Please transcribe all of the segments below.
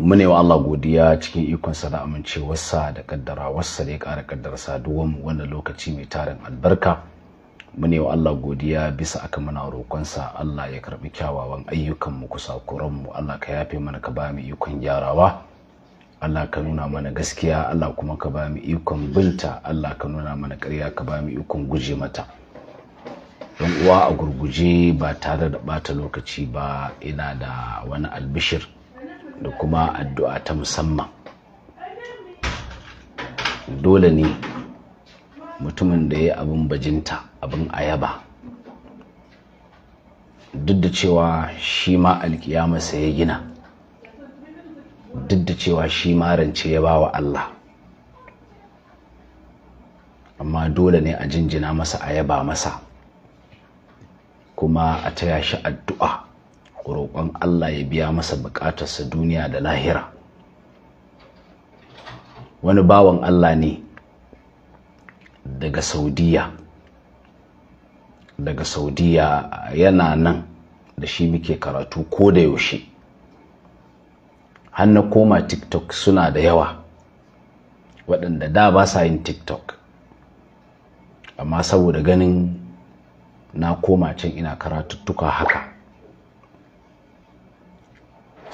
mune wa Allah godiya cikin ikonsa da amincewarsa da kaddara wasa da ya ƙara kaddara saduwan wannan lokaci mai tarin albarka mune wa Allah godiya bisa aka muna roƙonsa Allah ya karɓi kyawawan ayyukan mu kusa kuran mu Allah ka yafe mana ka ba mu ikon gyarawa Allah ka nuna mana gaskiya Allah kuma ka ba mu ikon binta Allah ka nuna mana ƙarya ka ba mu ikon guje mata don uwa a gurguje ba tare da bata lokaci ba ina da wani albishir da kuma addu'a ta musamman dole ne mutumin da ya abin bajinta abin ayaba duk da cewa shi ma alkiyamarsa ya gina duk da cewa shi ma rance ya ba wa Allah amma dole ne a jinjina masa a yaba masa kuma a taya shi addu'a roƙon Allah ya biya masa sa duniya da lahira wani bawan Allah ne daga saudiya daga saudiya yana nan da shi muke karatu ko da yaushe na koma tiktok suna da yawa waɗanda da ba sa yin tiktok amma saboda ganin na koma can ina karatuttuka haka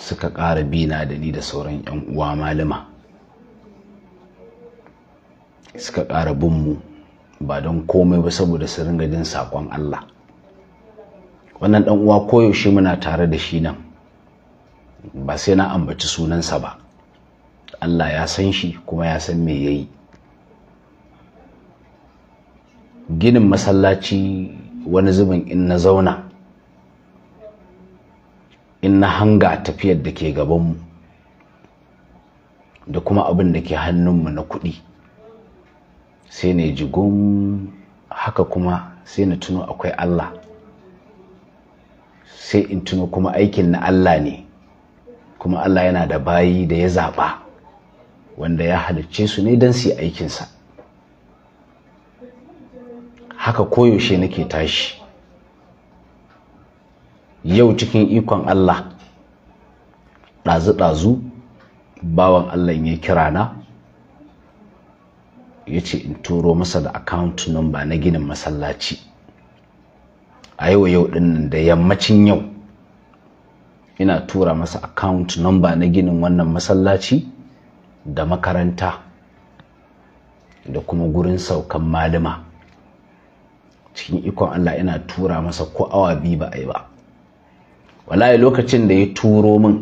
suka ƙara bina da ni da sauran 'yan uwa malama suka ƙara binmu ba don komai ba saboda su ringa jin saƙon Allah wannan ɗan uwa koyaushe muna tare da shi nan ba sai na ambaci sunansa ba Allah ya san shi kuma ya san me ya yi ginin masallaci wani zubin in na zauna in na hanga tafiyar da ke gabanmu da kuma abin da ke hannunmu na kuɗi sai na jigun haka kuma sai na tuno akwai Allah sai in tuno kuma aikin na Allah ne kuma Allah yana da bayi da ya zaɓa wanda ya halicce su ne don su aikinsa haka koyaushe nake tashi yau cikin ikon Allah ɗazu-ɗazu bawan Allah ya kira na ya ce in turo masa da account number na ginin masallaci a yau yau ɗinnan da yammacin yau ina tura masa account number na ginin wannan masallaci da makaranta da kuma gurin saukan malima. cikin ikon Allah ina tura masa ko awa biyu ba a yi ba wallahi lokacin da ya turo min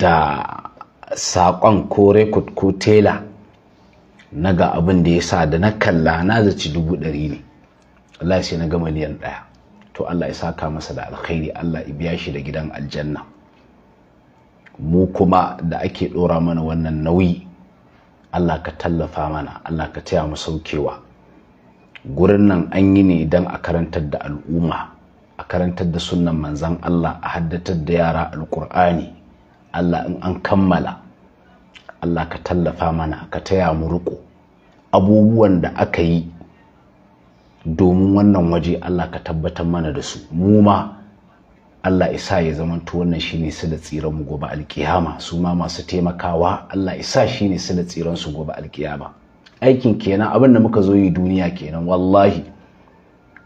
da saƙon ko rekod ko tela na ga abin da ya sa da na kalla na zaci dubu ɗari ne Allah sai na gama miliyan ɗaya to Allah ya saka masa da alkhairi Allah ya biya shi da gidan aljanna mu kuma da ake ɗora mana wannan nauyi Allah ka tallafa mana Allah ka taya mu saukewa gurin nan an yi ne don a karantar da al'umma a karantar da sunan manzan Allah a haddatar da yara alƙur'ani Allah in an kammala Allah ka tallafa mana ka taya mu riƙo abubuwan da aka yi domin wannan waje Allah ka tabbatar mana da su mu ma Allah isa ya zamanto wannan shine su da tsiran mu gobe alkiyama su ma masu taimakawa Allah isa shine su da tsiran su gobe alkiyama aikin kenan abin da muka zo yi duniya kenan wallahi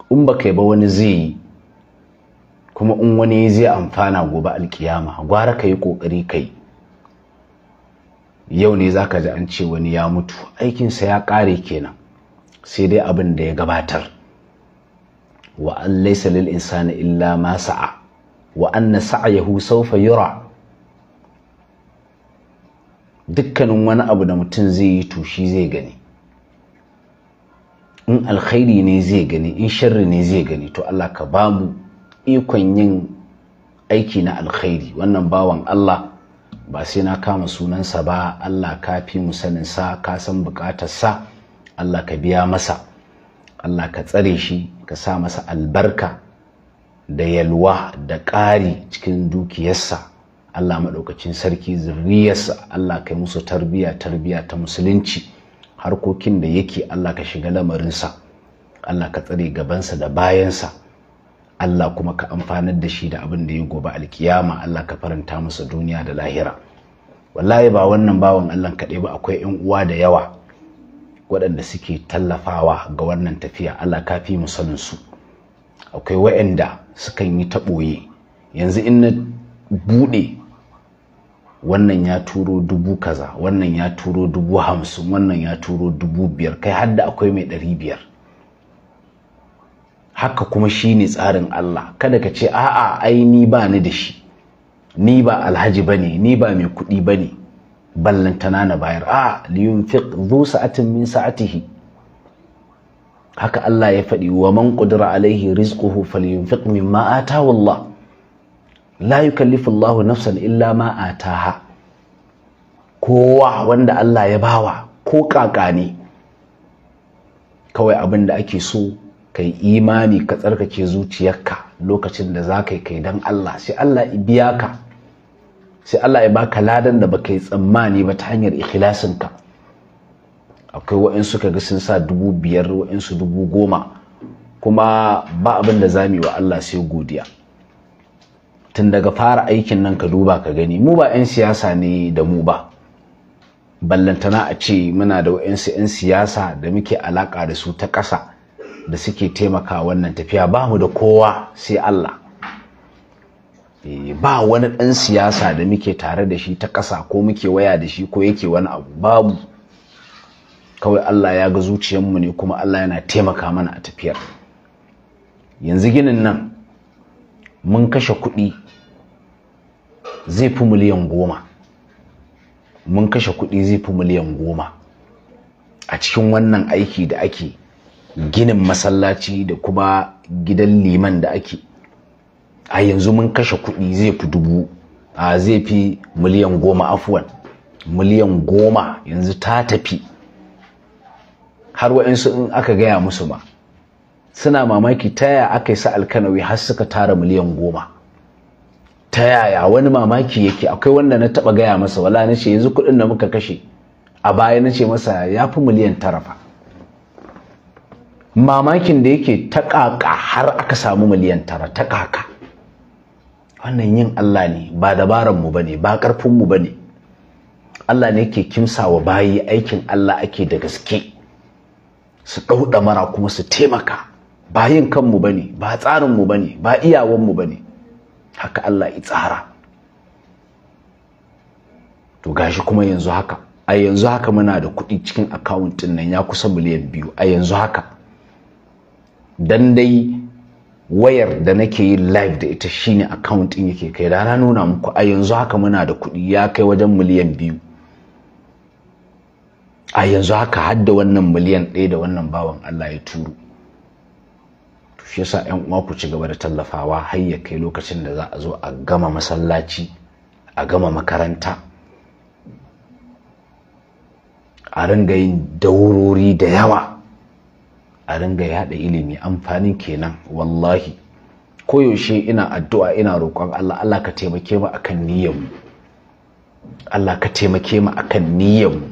in ba kai ba wani zai yi kuma in wani ya zai amfana gobe alkiyama gwara ka yi ƙoƙari yi yau ne zaka ji an ce wani ya mutu aikinsa ya kare kenan sai dai abin da ya gabatar wa an laisa lil insani illa ma sa'a wa anna sa'yahu sawfa yura dukkanin wani abu da mutum zai yi to shi zai gani in alkhairi ne zai gani in sharri ne zai gani to Allah ka ba mu ikon yin aiki na alkhairi wannan bawan Allah ba sai na kama sunansa ba Allah ka fi mu saninsa ka san sa Allah ka biya masa Allah ka tsare shi ka sa masa albarka da yalwa da ƙari cikin dukiyarsa Allah maɗaukacin sarki zuriyarsa Allah ka yi musu tarbiya tarbiya ta musulunci harkokin da yake Allah ka shiga lamarinsa Allah ka tsare gabansa da bayansa Allah kuma ka amfanar da shi da abin da ya gobe alkiyama Allah ka faranta masa duniya da lahira wallahi ba wannan bawan Allah kaɗai ba akwai 'yan uwa da yawa waɗanda suke tallafawa ga wannan tafiya Allah ka fi sanin su akwai waɗanda sukan yi taɓoye yanzu in na buɗe wannan ya turo dubu kaza wannan ya turo dubu hamsin wannan ya turo dubu biyar kai hadda akwai mai ɗari biyar haka kuma shi ne tsarin Allah kada ka ce a'a ai ni ba ni da shi ni ba alhaji ba ne ni ba mai kuɗi ba ne ballantana na bayar a liyun fiq zu sa'atin min sa'atihi haka Allah ya faɗi wa man qudira alaihi rizquhu falyunfiq mimma atahu wallah la yukallifu Allahu nafsan illa ma ha kowa wanda Allah ya bawa ko kaka ne kawai abin da ake so yi imani ka tsarkake zuciyarka lokacin da za kai kai dan Allah sai Allah ya biya ka sai Allah ya baka ladan da baka yi tsammani ba ta hanyar ka akwai waɗansu ga sun sa dubu biyar waɗansu dubu goma kuma ba abin da za mu yi wa Allah sai godiya tun daga fara aikin nan ka duba ka gani mu ba 'yan siyasa ne da mu ba ballantana a ce muna da wa'yansu 'yan siyasa da muke alaƙa da su ta ƙasa da suke taimaka wannan tafiya ba mu da kowa sai Allah eh, ba wani ɗan siyasa da muke tare da shi ta ƙasa ko muke waya da shi ko yake wani abu babu kawai Allah ya ga zuciyarmu ne kuma Allah yana taimaka mana a tafiyar yanzu ginin nan mun kashe kuɗi zai fi miliyan goma mun kashe kuɗi zai fi miliyan goma a cikin wannan aiki da ake ginin masallaci da kuma gidan liman da ake a yanzu mun kashe kuɗi zai fi dubu a zai fi miliyan goma afuwan miliyan goma yanzu ta tafi har wa'insu in aka gaya musu ba suna mamaki taya aka yi sa alkanawi har suka tara miliyan goma ta yaya wani mamaki yake akwai wanda na taba gaya masa wala na ce yanzu kuɗin da muka kashe a baya na ce masa ya fi miliyan tara fa mamakin da yake ta ƙaƙa har aka samu miliyan tara ta ƙaƙa wannan yin Allah ne ba dabaran mu bane ba ƙarfin mu bane Allah ne yake wa bayi aikin Allah ake da gaske su ɗau mara kuma su taimaka ba yin kanmu bane ba tsarin mu bane ba mu bane haka Allah ya tsara to gashi kuma yanzu haka a yanzu haka muna da kuɗi cikin account nan ya kusa miliyan biyu a yanzu haka dan dai wayar da nake yin live da ita shine account ɗin yake kai da na nuna muku a yanzu haka muna da kuɗi ya kai wajen miliyan biyu a yanzu haka hadda wannan miliyan ɗaya da wannan bawan Allah ya turo shi yasa yan uwa ku ci gaba da tallafawa har ya kai lokacin da za a zo a gama masallaci a gama makaranta a ringa yin daurori da yawa a ringa yada ilimi amfanin kenan wallahi koyaushe ina addu'a ina roƙon Allah Allah ka taimake mu akan niyyarmu Allah ka taimake mu akan niyyarmu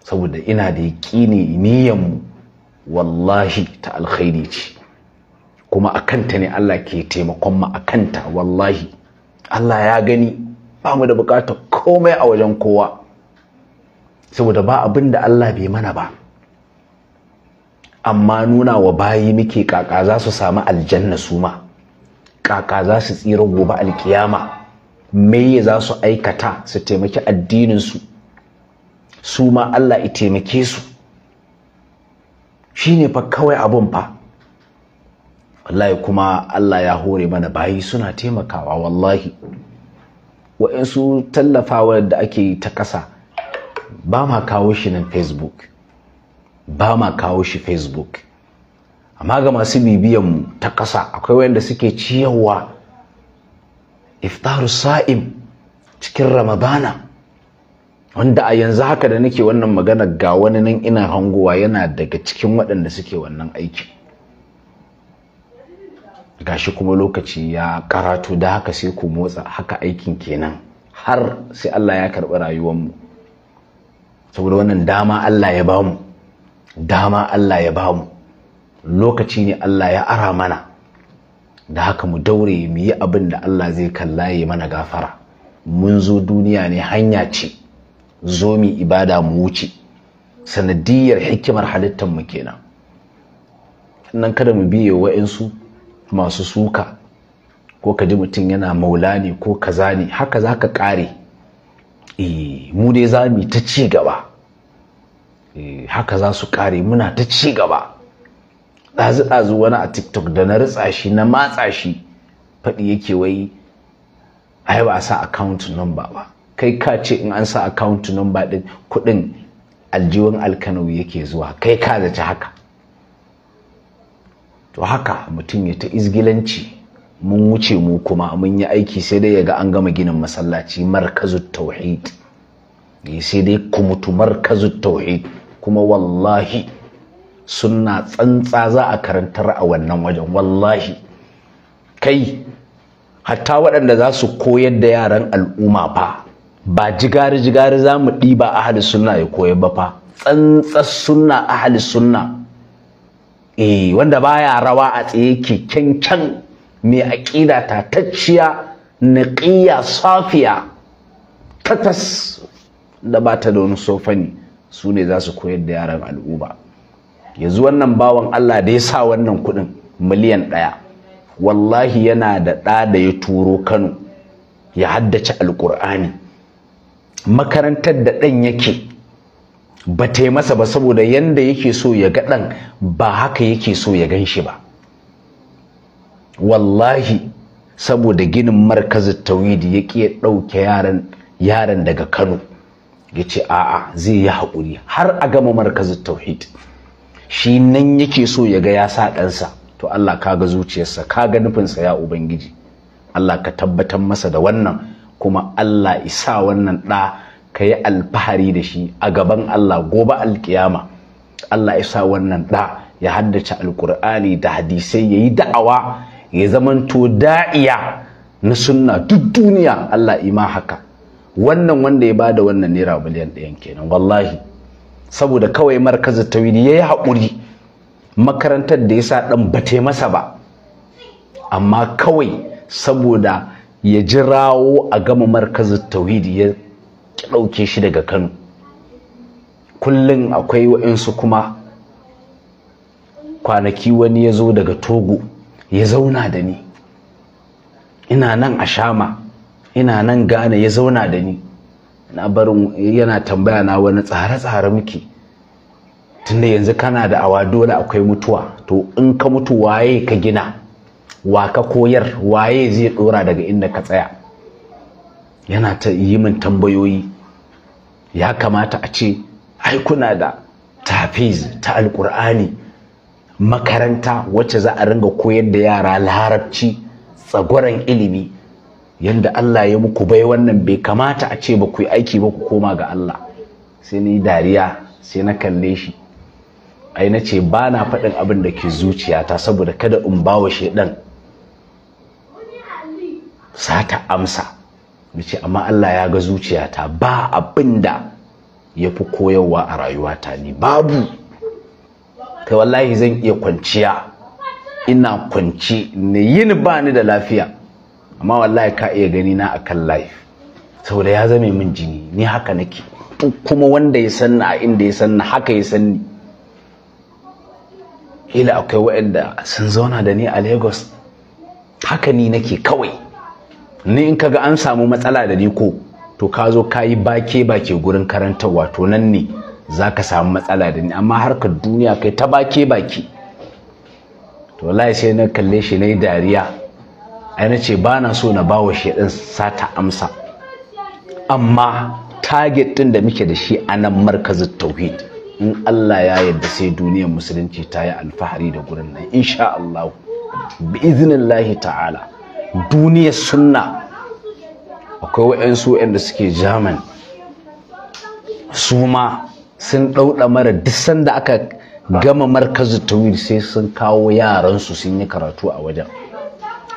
saboda ina da yaƙini niyyarmu wallahi ta alkhairi ce kuma a kanta ne Allah ke taimakon mu a kanta wallahi Allah ya gani ba mu da bukatar komai a wajen kowa saboda ba abin da Allah bai mana ba amma nuna wa bayi muke kaka za su samu aljanna su ma kaka za su tsira gobe alkiyama meye za su aikata su taimaki addininsu su ma Allah ya taimake su shine fa kawai abun fa wallahi kuma Allah ya hore mana bayi suna taimakawa wallahi wa'insu tallafawa da ake ta ƙasa ba ma kawo shi nan facebook ba ma kawo shi facebook amma ga masu bibiyanmu ta ƙasa akwai wanda suke ciyarwa iftaru sa'im cikin ramadana wanda a yanzu haka da nake wannan magana ga wani nan ina hangowa yana daga cikin waɗanda suke wannan aiki. Ga shi kuma lokaci ya karatu da haka sai ku motsa haka aikin kenan har sai Allah ya karɓi rayuwarmu saboda wannan dama Allah ya bamu dama Allah ya bamu lokaci ne Allah ya ara mana da haka mu daure mu yi abin da Allah zai kalla ya mana gafara mun zo duniya ne hanya ce zo mu ibada mu wuce sanadiyar hikimar halittar mu kenan nan kada mu biye wa'insu masu suka ko ka ji mutum yana maula ne ko kaza ne haka za ka kare eh, mu dai za mu ta ci gaba eh, haka za su kare muna ta ci gaba ɗazu-ɗazu wani a tiktok da na ritsa shi na matsa shi faɗi yake wai ai ba a sa account number ba kai ka ce in an sa account number din kudin aljiwan alkanau yake zuwa kai ka zaci haka to haka mutum ya ta izgilanci mun wuce mu kuma mun yi aiki sai dai yaga an gama ginin masallaci markazu tauhid eh, sai dai kumutu markazu tauhid kuma wallahi sunna tsantsa za a karantar a wannan wajen wallahi kai hatta waɗanda za su koyar da yaran al'umma ba. ba jigari jigari za mu ɗiba hali sunna ya koya ba fa tsantsar sunna ahli sunna eh wanda baya rawa a tsaye keken can mai aƙida tatacciya naƙiyya safiya tatas da ba ta da wani sofani su ne za su koyar da yaran Ya yanzu wannan bawan Allah da ya sa wannan kuɗin miliyan ɗaya wallahi yana da ɗa da ya turo Kano ya haddace alƙur'ani makarantar da ɗan yake ba ta masa ba saboda yanda yake so ya ga ɗan ba haka yake so ya gan shi ba wallahi saboda ginin markazin tawidi ya ƙi ya ɗauke yaran daga kano ya ce a'a zai yi haƙuri har a gama markazin tauhid shi nan yake so ya ga ya sa ɗansa to Allah kaga zuciyarsa kaga nufinsa ya ubangiji Allah ka tabbatar masa da wannan kuma Allah isa wannan ɗa ka yi alfahari da shi a gaban Allah gobe alkiyama Allah isa wannan ɗa ya haddace alkur'ani da hadisai ya yi da'awa ya zamanto da'iya na sunna duk duniya Allah ima haka wannan wanda ya bada wannan naira miliyan ɗayan kenan wallahi saboda kawai markazi tawili ya yi haƙuri makarantar da ya sa ɗan ba masa ba amma kawai saboda ya jirawo a gama markazin tauhidi ya ɗauke shi daga kano kullum akwai waɗansu kuma kwanaki wani ya zo daga togo ya zauna da ni ina nan a shama ina nan Ghana ya zauna da ni na barin yana tambaya na wani tsare-tsare muke tunda yanzu kana da awa dole akwai mutuwa to in ka mutu waye ka gina wa ka koyar waye zai dora daga inda ka tsaya yana ta yi min tambayoyi ya kamata a ce ai kuna da tafiz ta alkur'ani makaranta wacce za a ringa koyar da yara larabci tsagoran ilimi Yadda Allah ya muku bai wannan bai kamata a ce ba ku yi aiki ba ku koma ga Allah sai ni dariya sai na kalle shi ai na ce ba na faɗin abin da ke zuciyata saboda kada in bawa shaidan za ta amsa nace amma Allah ya ga zuciyata ba abinda ya fi koyarwa a rayuwata ni babu kai wallahi zan iya kwanciya ina kwanci ne yin ba ni da lafiya amma wallahi ka iya gani na akan life saboda ya zame min jini ni haka nake kuma wanda ya san a inda ya na, haka ya san ni. kila akwai waɗanda sun zauna da ni a lagos haka ni nake kawai ni in kaga an samu matsala da ni ko to ka zo ka yi bake bake gurin karanta wato nan ne za ka samu matsala da ni amma harkar duniya kai ta bake bake to wallahi sai na kalle shi na yi dariya ai na ce ba na so na ba wa shaidan sata amsa amma target din da muke da shi a nan markazin tauhid in Allah ya yarda sai duniyar musulunci ta yi alfahari da gurin nan insha Allah bi iznillahi ta'ala duniyar sunna akwai wa'yansu waɗanda suke german su ma sun ɗauɗa mara duk sanda aka gama markazu tawil sai sun kawo yaransu sun yi karatu a wajen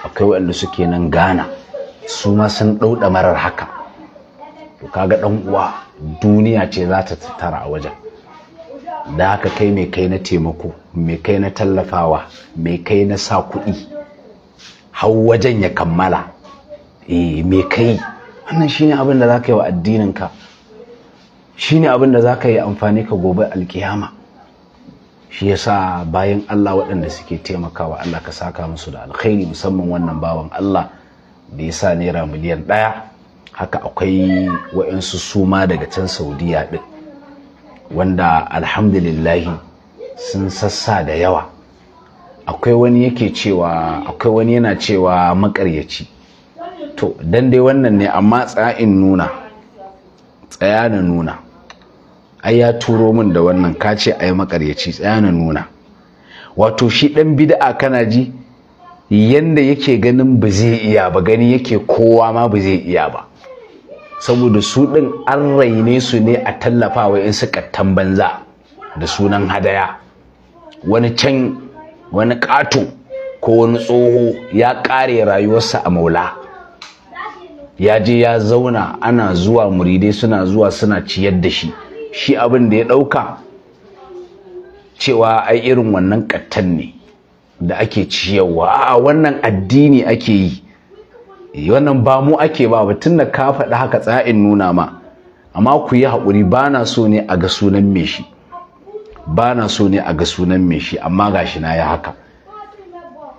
akwai waɗanda suke nan ghana su sun ɗauɗa marar haka to kaga ɗan uwa duniya ce za ta tattara a wajen da haka kai mai kai na taimako mai kai na tallafawa mai kai na sa kuɗi hau wajen ya kammala eh me kai wannan shine abin da za ka yi wa addininka shine abin da za ka yi amfani ka gobe alkiyama shi yasa bayan Allah waɗanda suke taimakawa Allah ka saka musu da alkhairi musamman wannan bawan Allah da ya sa naira miliyan ɗaya haka akwai waɗansu suma daga can saudiya ɗin wanda alhamdulillahi sun sassa da yawa akwai wani yake cewa akwai wani yana cewa makaryaci to dan dai wannan ne amma tsa'in nuna tsaya na nuna ai ya turo min da wannan ka ce ai makaryaci tsaya na nuna wato shi dan bid'a kana ji yanda yake ganin ba zai iya ba gani yake kowa ma ba zai iya ba saboda su din an raine su ne a tallafawa in su kattan banza da sunan hadaya wani can wani ƙato ko wani tsoho ya ƙare rayuwarsa a maula ya je ya zauna ana zuwa muridai suna zuwa suna ciyar da shi shi abin da ya ɗauka cewa ai irin wannan ƙattan ne da ake ciyarwa a wannan addini ake yi eh, wannan ba mu ake ba batun da ka faɗi haka tsa'in nuna ma amma ku yi haƙuri ba na so ne a ga sunan mai shi ba na so ne a ga sunan mai shi amma gashi na ya haka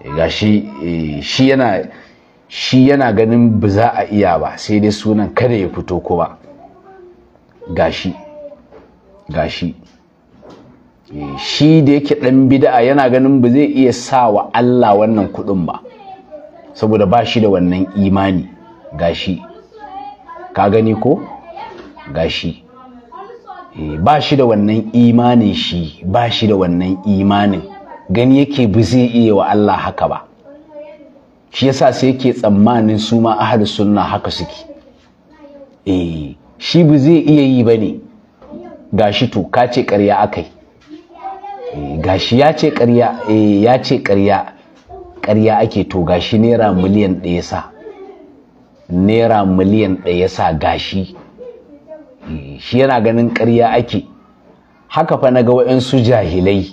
eh, gashi eh, shi yana shi yana ganin ba za a iya ba sai dai sunan kada ya fito ba. gashi gashi eh, shi da yake dan bid'a yana ganin ba zai iya sa wa Allah wannan kudin ba saboda ba shi da wannan imani gashi ka gani ko gashi Eh, ba shi da wannan imanin shi ba shi da wannan imanin gani yake bi zai iya wa Allah haka ba shi yasa sai yake tsammanin su ma ahli sunna haka suke eh shi bi zai iya yi bane gashi to ka ce ƙarya akai eh, gashi ya ce ƙarya eh ya ce ƙarya ƙarya ake to gashi naira miliyan ɗaya sa naira miliyan ɗaya sa gashi shi yana ganin ƙarya ake haka fa na ga waɗansu jahilai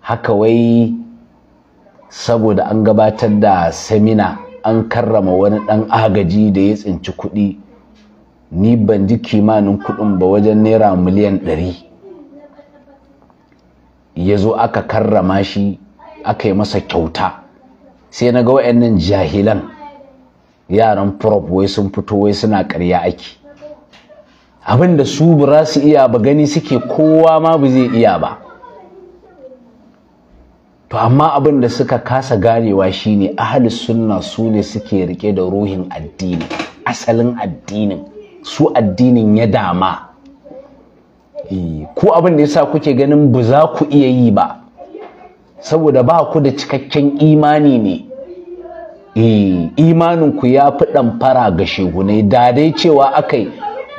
haka wai saboda an gabatar da semina an karrama wani ɗan agaji da ya tsinci kuɗi ni ban ji kimanin kuɗin ba wajen naira miliyan ɗari ya zo aka karrama shi aka yi masa kyauta sai na ga waɗannan jahilan yaran prop wai sun fito wai suna ƙarya ake abin da su ba su iya ba gani suke kowa ma ba zai iya ba to amma abin da suka kasa ganewa shine ahli sunna su ne suke rike da ruhin addini asalin addinin su addinin ya dama eh, ko abin da yasa kuke ganin ba za ku iya yi ba saboda ba ku da cikakken imani ne eh, ku ya fi ɗamfara ga shegunai da dai cewa akai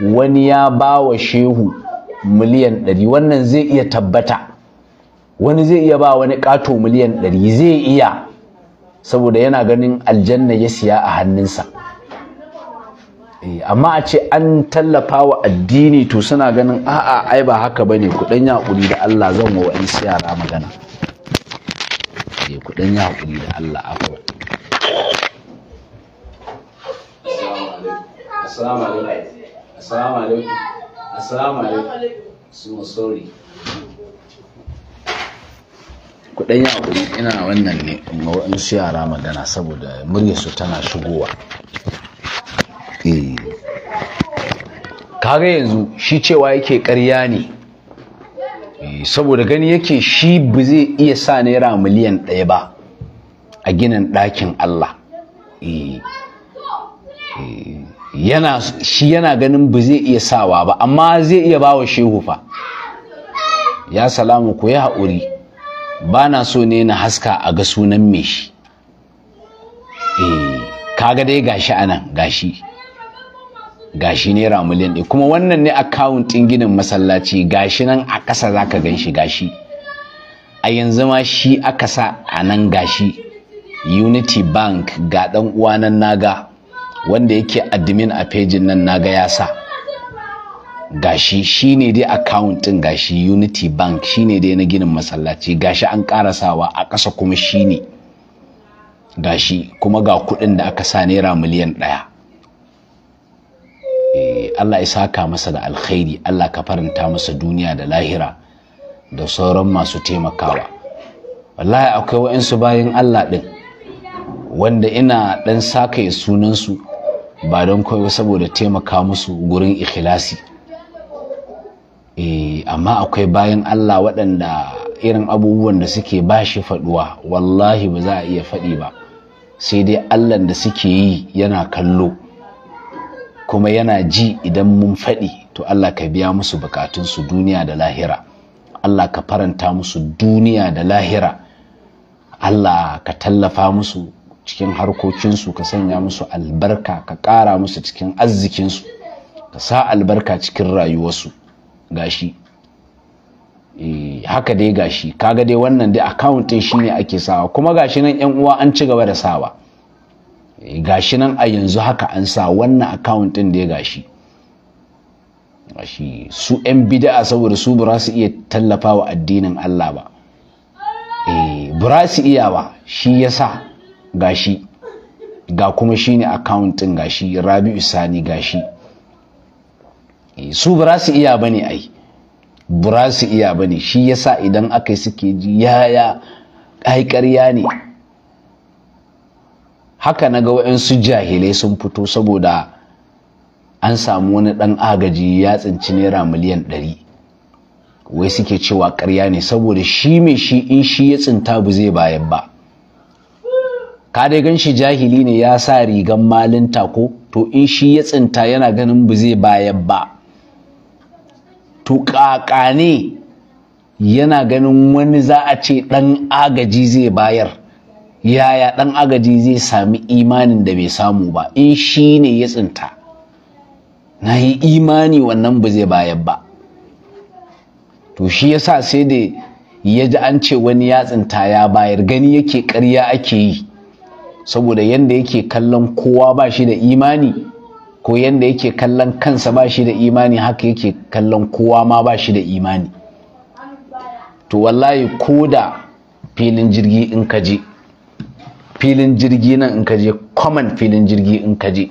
wani ya ba wa shehu miliyan ɗari wannan zai iya tabbata wani zai iya ba wani ƙato miliyan ɗari zai iya saboda yana ganin aljanna ya siya a hannunsa eh, amma a ce an tallafa wa addini to suna ganin a'a ai ba haka ba ne kuɗin yaƙuri da Allah zan wa wani yara magana eh, kuɗin yaƙuri da Allah afuwa Assalamu alaikum. assalamu alaikum assalamu alaikum sorry ina wannan ne in waɗansu yara magana saboda muryarsu tana shigowa eh. kaga yanzu shi cewa yake ƙarya ne eh, saboda gani yake shi ba zai iya sa naira miliyan ɗaya ba a ginin ɗakin Allah eh. shi yana ganin ba zai iya sawa ba amma zai iya bawa shehu fa ya salamu ku ya haƙuri ba na so ne na haska a ga sunan me shi eh, kaga dai gashi anan gashi gashi ne ramulin kuma wannan ne akawun ginin masallaci gashi nan a ƙasa za ka gan shi gashi a yanzu ma shi aka sa a nan gashi unity bank ga ɗan uwanan naga wanda yake admin a pejin nan naga ya sa gashi shine dai account din gashi unity bank shine dai na ginin masallaci gashi an karasawa a ƙasa kuma shine gashi kuma ga kuɗin da aka sa naira miliyan ɗaya eh, Allah ya saka masa da alkhairi Allah ka faranta masa duniya da lahira da sauran masu taimakawa wallahi akwai wa'insu bayan Allah din wanda ina ɗan sunan sunansu ba don koyo saboda taimaka musu gurin ikhlasi eh amma akwai bayan Allah waɗanda irin abubuwan da suke ba shi faɗuwa wallahi ba za a iya faɗi ba sai dai Allah da suke yi yana kallo kuma yana ji idan mun faɗi to Allah ka biya musu bukatunsu duniya da lahira Allah ka faranta musu duniya da lahira Allah ka tallafa musu cikin harkokinsu ka sanya musu albarka ka ƙara musu cikin arzikinsu ka sa albarka cikin rayuwarsu gashi eh, haka dai gashi kaga dai wannan dai akawuntin ɗin shine ake sawa kuma gashi nan yan uwa an ci gaba da sawa eh, gashi nan a yanzu haka an sa wannan akawuntin ɗin dai gashi gashi su yan bida'a saboda su ba su iya tallafa wa addinin Allah ba e ba su iya ba shi ya sa. gashi ga kuma shine account din gashi Rabi'u Sani gashi eh, su ba su iya bane ai ba su iya bane shi yasa idan aka yi suke ji yaya ai ƙarya ne haka na ga waɗansu jahilai sun fito saboda an samu wani ɗan agaji ya tsinci naira miliyan ɗari wai suke cewa ƙarya ne saboda shi mai shi in shi ya tsinta bu zai bayan ba ka dai gan shi jahili ne ya sa rigan malinta ko to in shi ya tsinta yana ganin ba zai bayan ba to ne yana ganin wani za a ce ɗan agaji zai bayar yaya ɗan agaji zai sami imanin da bai samu ba in shi ne ya tsinta na yi imani wannan ba zai bayar ba to shi ya sa sai da ya ji an ce wani ya tsinta ya bayar gani yake karya ake yi saboda yanda yake kallon kowa ba shi da imani ko yanda yake kallon kansa ba shi da imani haka yake kallon kowa ma ba shi da imani to wallahi ko da filin jirgi in ka filin jirgi nan in ka je common filin jirgi in ka je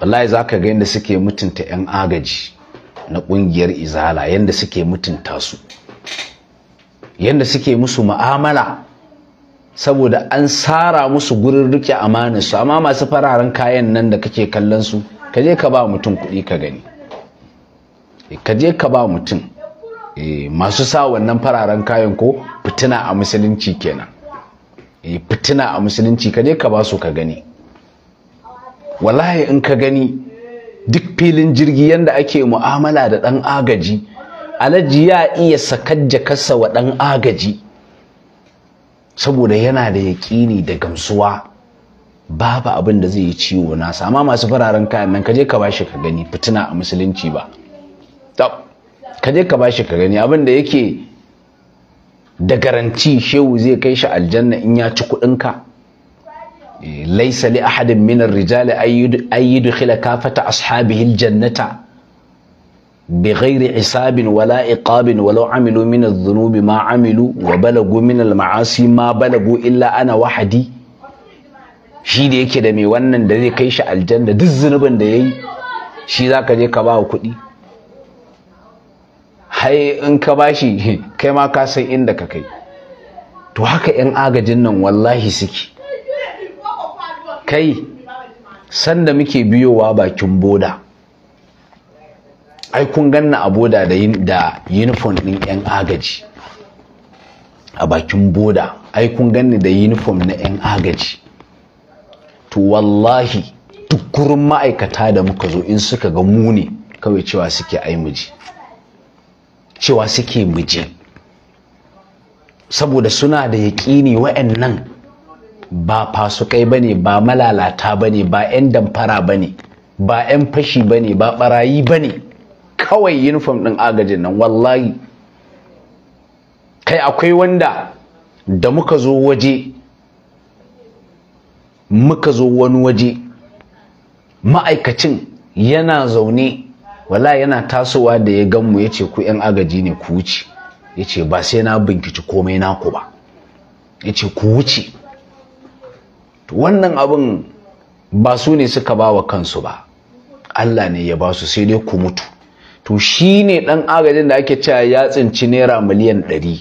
wallahi za ka ga yadda suke mutunta 'yan agaji na kungiyar izala yadda suke mutunta su yadda suke musu mu'amala. saboda an sara musu gurin rike amanarsu su amma masu fararen kayan nan da kake kallon su ka je ka ba mutum kuɗi ka gani eh, ka je ka ba mutum eh, masu sa wannan fararen kayan ko fitina a musulunci kenan eh, fitina a musulunci ka je ka ba su ka gani wallahi in ka gani duk filin jirgi yanda ake mu'amala da ɗan agaji alaji ya iya sakar jakarsa wa ɗan agaji saboda yana da yaƙini da gamsuwa babu abin da zai yi ciwo nasa amma masu fararen kayan nan kaje ka bashi ka gani fitina a musulunci ba kaje ka bashi ka gani abin da yake da garanti shehu zai kai shi aljanna in ya ci kuɗinka eh, laisa li ahadin Minar rijali ay yudkhila kafata ashabihi jannata بغير حساب ولا عقاب ولو عملوا من الذنوب ما عملوا وبلغوا من المعاصي ما بلغوا إلا أنا وحدي shi da yake da mai wannan da zai kai shi aljanna duk zunubin da ya yi shi za ka je ka ba kuɗi hai in ka ba shi kai ma ka san inda ka kai to haka 'yan agajin nan wallahi suke kai sanda muke biyowa bakin boda ai kun ganna a boda da da uniform din yan agaji a bakin boda ai kun ganni da uniform na yan agaji to wallahi duk wurin ma'aikata da muka zo in suka ga mu ne kawai cewa suke ai miji cewa suke miji saboda suna da yaƙini wa'annan ba fasukai ba ne ba malalata ba ne ba 'yan damfara ba ne ba 'yan fashi ba ne ba ɓarayi ba ne kawai uniform ɗin agajin nan wallahi kai akwai wanda da muka zo waje muka zo wani waje ma'aikacin yana zaune wala yana tasowa da ya ganmu ya ce ku 'yan agaji ne ku wuce yace ce ba sai na binkici komai naku ba yace ku wuce wannan abin ba su ne suka ba wa kansu ba Allah ne ya ba su sai dai ku mutu to shi ne ɗan agajin da ake cewa ya tsinci naira miliyan ɗari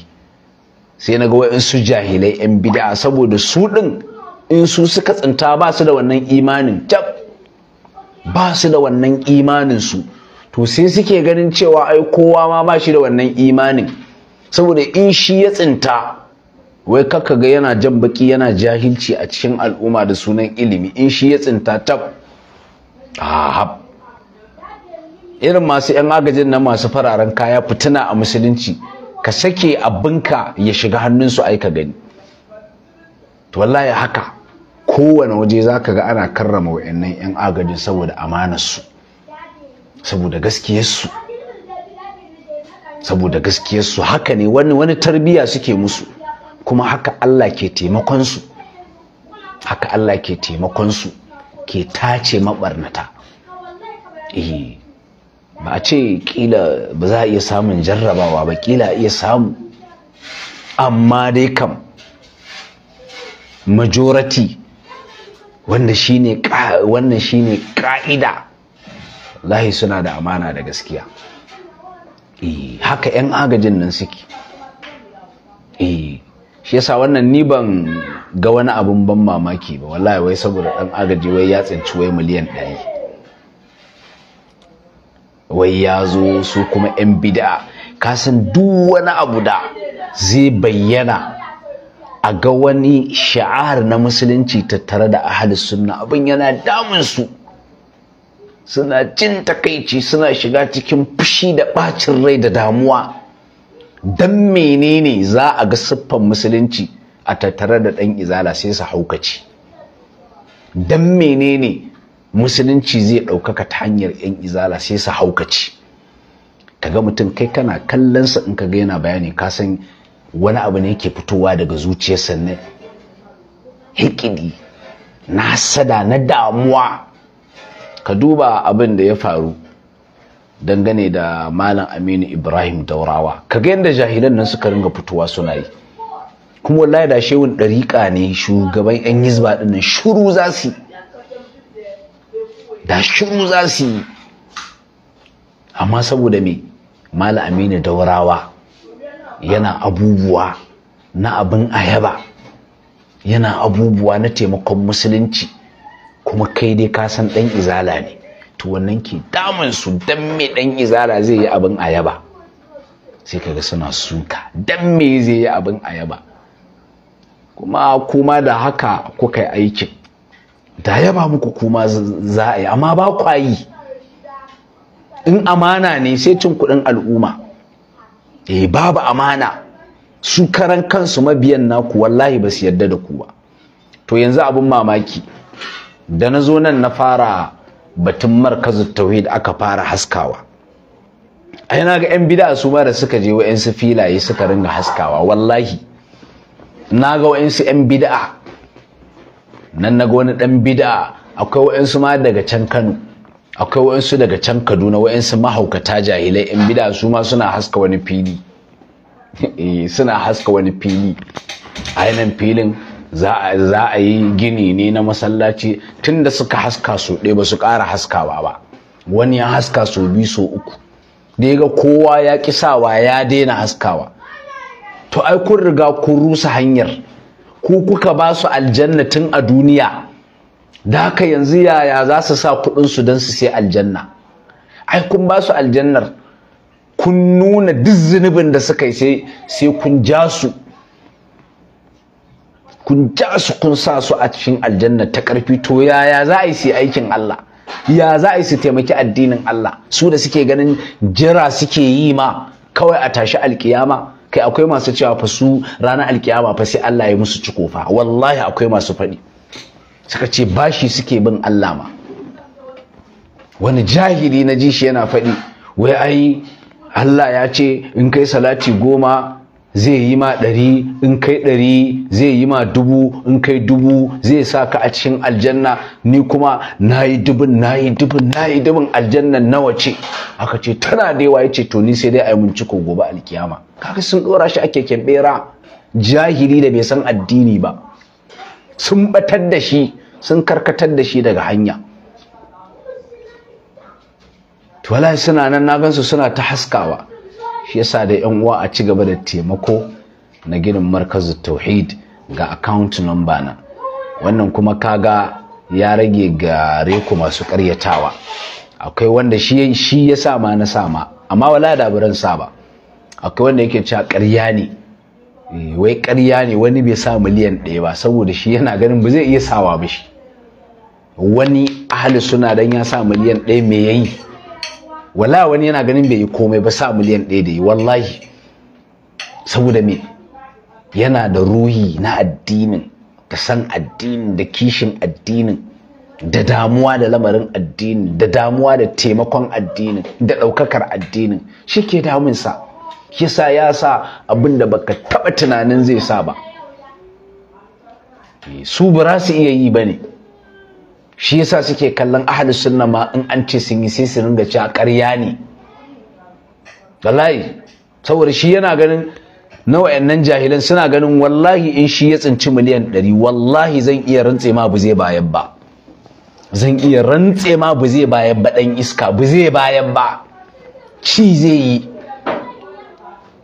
sai na ga waɗansu jahilai 'yan bida saboda su ɗin in su suka tsinta ba su da wannan imanin tab ba su da wannan imanin su to sai suke ganin cewa ai kowa ma ba shi da wannan imanin saboda in shi ya tsinta wai kaka ga yana jan baki yana jahilci a cikin al'umma da sunan ilimi in shi ya tsinta tab hab irin masu 'yan agajin na masu fararen kaya fitina a musulunci ka sake abinka ya shiga hannun su aika gani to wallahi haka kowane waje za ka ga ana karrama wa'annan 'yan agajin saboda amanarsu saboda gaskiyarsu saboda gaskiyarsu haka ne wani wani tarbiya suke musu kuma haka Allah ke taimakonsu haka Allah ke taimakonsu ke tace mabarnata eh ba a ce kila ba za a iya samun jarrabawa ba kila iya samu amma dai kam majority wanda shine wannan shine ka'ida lahi suna da amana da gaskiya eh, haka 'yan agajin nan suke eh, shi yasa wannan ni ban ga wani abin ban mamaki ba wallahi wai saboda dan agaji wai ya tsinci wai miliyan ɗari wai ya zo su kuma 'yan bida'a kasan duk wani abu da zai bayyana a ga wani sha'ar na musulunci tattare da ahalis sunna abin yana damun su suna cin takaici suna shiga cikin fushi da bacin rai da damuwa dan menene za a ga siffan musulunci a tattare da ɗan izala sai su haukaci dan menene musulunci zai ɗaukaka ta hanyar 'yan izala sai su haukaci kaga mutum kai kana kallonsa in kaga yana bayani ka san wani abu ne yake fitowa daga zuciyarsa na hikidi na sada na damuwa ka duba abin da ya faru dangane da malam aminu ibrahim daurawa kaga yadda jahilan nan suka ringa fitowa suna yi kuma wallahi da shehun ɗariƙa ne shugaban 'yan hizba ɗin nan shuru za su yi da shiru za su yi amma saboda me mala aminu daurawa yana abubuwa na abin ayaba yana abubuwa na taimakon musulunci kuma kai dai ka san ɗan izala ne to wannan ke damun su dan me ɗan izala zai yi abin ayaba sai kaga suna suka dan me zai yi abin ayaba kuma kuma da haka kuka yi aikin da ya ba muku kuma za a yi amma ba kwayi in amana ne sai cin kuɗin al'umma eh babu amana su karan kansu mabiyan naku wallahi ba su yarda da ku ba to yanzu abin mamaki da na zo nan na fara batun markazin tauhid aka fara haskawa ai na ga yan bid'a su ma da suka je wa'yansu filaye suka ringa haskawa wallahi na ga wa'yansu yan bid'a nan naga wani dan bid'a akwai wa'ansu ma daga can Kano akwai wa'ansu daga can Kaduna wa'ansu mahaukata jahilai yan bid'a su ma suna haska wani fili eh, suna haska wani fili a filin za a yi gini ne na masallaci tunda suka haska su ɗaya ba su ƙara haskawa ba wani ya haska so bi so uku da ga kowa ya kisawa sawa ya daina haskawa to ai kun riga kun rusa hanyar ku kuka ba su aljanna tun a duniya da haka yanzu yaya za su sa kuɗinsu don su sai aljanna ai kun ba su aljannar kun nuna duk zunubin da suka yi sai kun ja su kun ja su kun sa su a cikin aljanna ta ƙarfi to yaya za a yi sai aikin Allah ya za a yi su taimaki addinin Allah su da suke ganin jira suke yi ma kawai a tashi alkiyama kai akwai masu cewa fa su ranar alkiyama fa sai Allah ya musu ci fa wallahi akwai masu faɗi suka ce bashi suke bin Allah ma wani jahili na ji shi yana faɗi wai ai Allah ya ce in kai salati goma zai yi ma ɗari in kai ɗari zai yi ma dubu in kai dubu zai sa ka a cikin aljanna ni kuma na yi dubin na yi dubin na yi dubin aljannan nawa ce aka ce tana da yawa ya ce to ni sai dai a yi mun ciko gobe alkiyama kaga sun ɗora shi ake ɓera jahili da bai san addini ba sun batar da shi sun karkatar da shi daga hanya to suna nan na gansu suna ta haskawa shi yasa da yan uwa a ci gaba da taimako na ginin markazu tauhid ga account number na wannan kuma kaga ya rage gare ku masu ƙaryatawa akwai wanda shi shi ya sama na sama amma wala da buran ba akwai wanda yake cewa ƙarya ne eh, wai ƙarya ne wani bai sa miliyan ɗaya ba saboda shi yana ganin ba zai iya sawa ba shi wani ahli suna dan ya sa miliyan ɗaya me yayi wala wani yana ganin bai yi komai ba sa miliyan ɗaya da yi wallahi saboda me yana da ruhi na addinin da san addinin da kishin addinin da damuwa da lamarin addinin da damuwa da taimakon addinin da ɗaukakar addinin shi ke damunsa kisa ya sa abin da baka taɓa tunanin zai sa ba eh, su ba za su iya yi ba ne shi yasa suke kallon ahlus sunna ma in an ce sun yi sai su ringa cewa ƙarya ne wallahi saboda shi yana ganin na wayannan jahilan suna ganin wallahi in shi ya tsinci miliyan ɗari wallahi zan iya rantse ma bu zai bayan ba zan iya rantse ma bu zai bayan ba ɗan iska bu zai bayan ba ci zai yi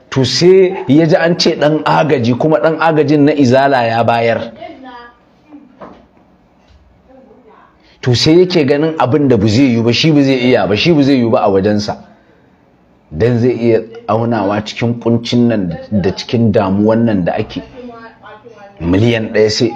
to sai ya ji an ce ɗan agaji kuma ɗan agajin na izala ya bayar to sai yake ganin abin da ba zai yi ba shi ba zai iya ba shi ba zai yi ba a wajensa dan zai iya aunawa cikin kuncin nan da cikin damuwan nan da ake miliyan ɗaya sai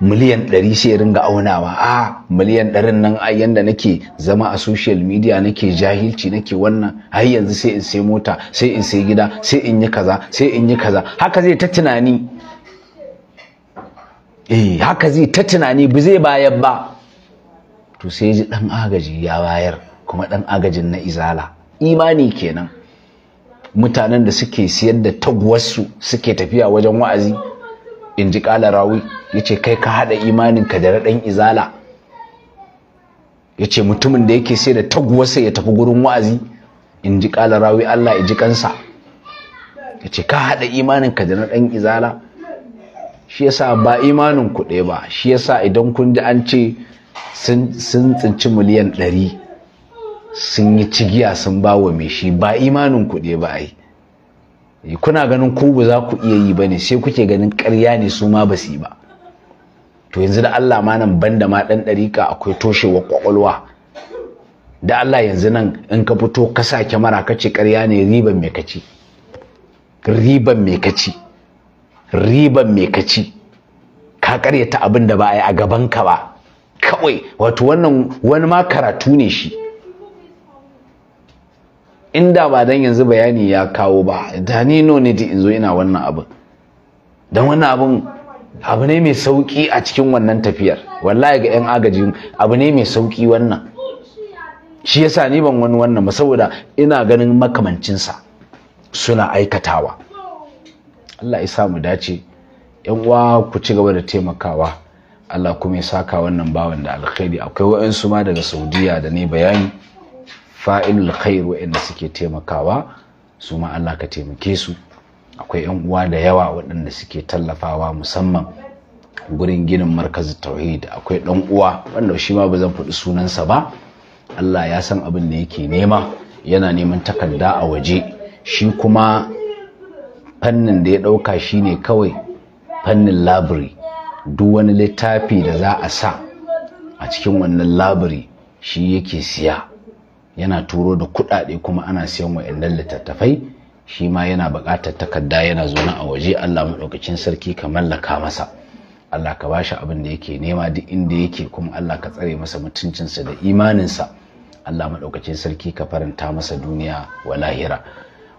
miliyan ɗari sai ringa aunawa a miliyan ɗarin nan a yanda nake zama a social media nake jahilci nake wannan har yanzu sai in sai mota sai in sai gida sai in yi kaza sai in yi kaza haka zai ta tunani eh haka zai ta tunani ba zai bayan ba to sai ji ɗan agaji ya bayar kuma ɗan agajin na izala imani kenan mutanen da suke siyar da taguwarsu suke tafiya wajen wa'azi in ji ƙala rawi ya ce kai ka haɗa imaninka da raɗan izala ya ce mutumin da yake sai da taguwarsa ya tafi gurin wa'azi in ji ƙala rawi allah ya ji kansa ya ce ka haɗa imaninka da raɗan izala shi yasa ba imanin ku ɗaya ba shi yasa idan kun ji an ce sun tsinci miliyan ɗari sun yi cigiya sun ba wa mai shi ba imanin kuɗe ba ai eh, kuna ganin ku ba za ku iya yi ba ne sai kuke ganin ƙarya ne su ma ba ba to yanzu da Allah ma nan ban da ma ɗan ɗarika akwai toshewa ƙwaƙwalwa da Allah yanzu nan in ka fito ka sa kyamara ka ce ƙarya ne riban mai kaci riban mai kaci riban mai kaci ka ƙaryata abin da ba a yi a gaban ka ba kawai wato wannan wani ma karatu ne shi inda ba dan yanzu bayani ya kawo ba da ni no ne in zo ina wannan abin dan wannan abin abu ne mai sauki a cikin wannan tafiyar wallahi ga yan agajin abu ne mai sauki wannan shi yasa ni ban wani wannan ba saboda ina ganin makamancinsa suna aikatawa Allah ya sa mu dace yan uwa ku ci gaba da taimakawa Allah kuma ya saka wannan bawan da alkhairi akwai wa'ansu ma daga saudiya da ne bayani fa'ilul khair wa'anda suke taimakawa su ma Allah ka taimake su akwai yan uwa da yawa waɗanda suke tallafawa musamman gurin ginin markazin tauhid akwai ɗan uwa wanda shi ma ba zan faɗi sunansa ba Allah ya san abin da yake nema yana neman takarda a waje shi kuma fannin da ya ɗauka shine kawai fannin labiri duk wani littafi da za a sa a cikin wannan labiri shi yake siya yana turo da kuɗaɗe kuma ana siyan wa'annan littattafai shi ma yana buƙatar takarda yana zaune a waje Allah maɗaukacin sarki ka mallaka masa Allah ka bashi abin da yake nema duk inda yake kuma Allah ka tsare masa mutuncinsa da imaninsa Allah maɗaukacin sarki ka faranta masa duniya wa lahira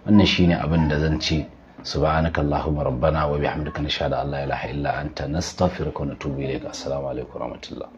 wannan shine abin da zan ce subhanaka allahumma rabbana wa bihamdika nashhadu an la laha illa anta nastaghfiruka wa natubu ilayk assalamu alaikum wa rahmatullah